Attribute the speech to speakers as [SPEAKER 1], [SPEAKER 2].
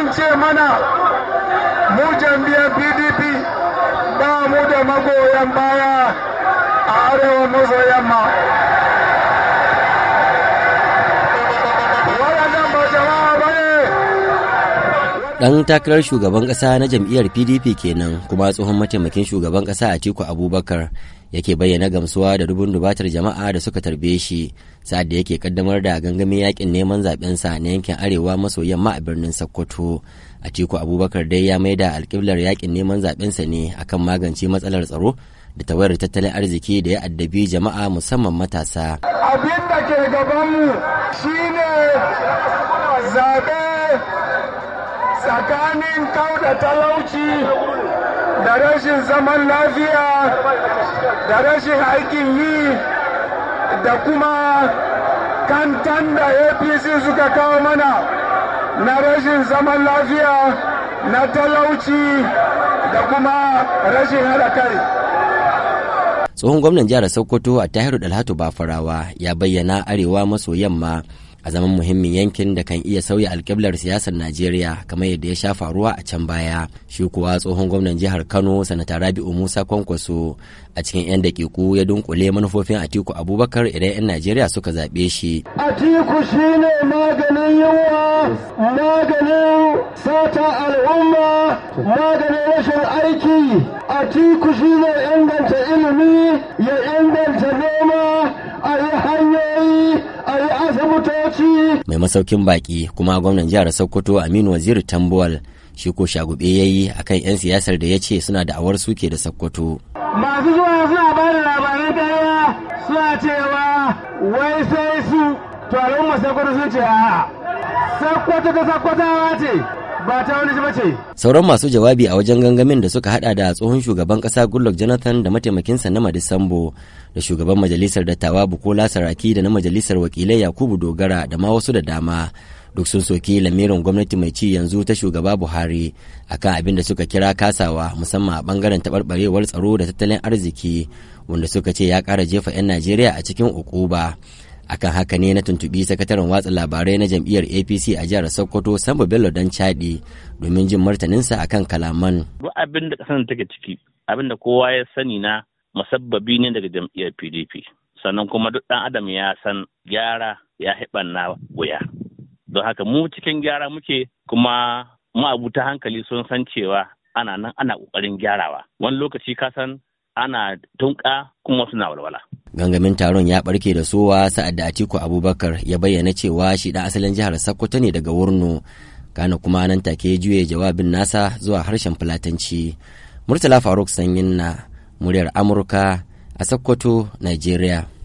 [SPEAKER 1] an ce mana mu jam'iyyar pdp ba mu da magoyan baya a arewa maso yamma dan takarar shugaban ƙasa na jam'iyyar pdp kenan kuma tsohon mataimakin shugaban ƙasa a atiku abubakar yake bayyana gamsuwa da dubun dubatar jama'a da suka tarbe shi sa'ad da yake kaddamar da gangamin yakin neman zaɓensa na yankin arewa maso yamma a birnin sokoto a ciko abubakar dai ya maida alƙiblar yakin neman zaɓensa ne akan magance matsalar tsaro da tawayar tattalin arziki da ya addabi jama'a musamman matasa abin da ke gabanmu shine zaɓe tsakanin kauda talauci da rashin zaman lafiya da rashin aikin yi da kuma kantan da apc suka kawo mana na rashin zaman lafiya na talauci da kuma rashin haɗa kai tsohon gwamnan jihar sokoto a tahiru dalhatu farawa ya bayyana arewa maso yamma a zaman muhimmin yankin da kan iya sauya alƙiblar siyasar Najeriya kamar yadda ya sha faruwa a can baya. Shi kuwa tsohon gwamnan jihar Kano sanata Rabi'u Musa Kwankwaso a cikin 'yan dakiku ya dunkule manufofin Atiku Abubakar idan 'yan Najeriya suka zaɓe shi.
[SPEAKER 2] Atiku shine maganin yunwa, maganin
[SPEAKER 1] sata al'umma, maganin rashin aiki. Atiku shine inganta ilimi ya inganta mai masaukin baki kuma gwamnan jihar sokoto aminu waziri tambuwal shi ko shagube ya yi akan 'yan siyasar da ya ce suna awar suke da sokoto masu zuwa suna ba da labaran kariya suna cewa wai
[SPEAKER 2] sai su to al'umma sokoto sun ce a sokoto ta sokotawa ce ba ta wani bace.
[SPEAKER 1] Sauran masu jawabi a wajen gangamin da suka hada da tsohon shugaban kasa Goodluck Jonathan da mataimakinsa na Madisambo da shugaban majalisar dattawa Bukola Saraki da na majalisar wakilai Yakubu Dogara da ma wasu da dama. Duk sun soki lamirin gwamnati mai ci yanzu ta shugaba Buhari akan abin da suka kira kasawa musamman a bangaren taɓarɓarewar tsaro da tattalin arziki wanda suka ce ya kara jefa 'yan Najeriya a cikin ukuba. akan haka ne na tuntubi sakataren watsa labarai na jam'iyyar apc a jihar sokoto sambo bello don chadi domin jin martaninsa akan kalaman
[SPEAKER 2] duk abin da kasar take ciki abin da kowa ya sani na musabbabi ne daga jam'iyyar pdp sannan kuma duk dan adam ya san gyara ya na wuya don haka mu cikin gyara muke kuma ta hankali sun san cewa ana nan ana kokarin gyarawa wani lokaci ka san ana tunka kuma suna walwala
[SPEAKER 1] gangamin taron ya barke da sowa sa'ad da atiku abubakar ya bayyana cewa shi ɗan asalin jihar sokoto ne daga wurno kana kuma nan take juye jawabin nasa zuwa harshen fulatanci murtala faruk sanyin na muryar amurka a sokoto nigeria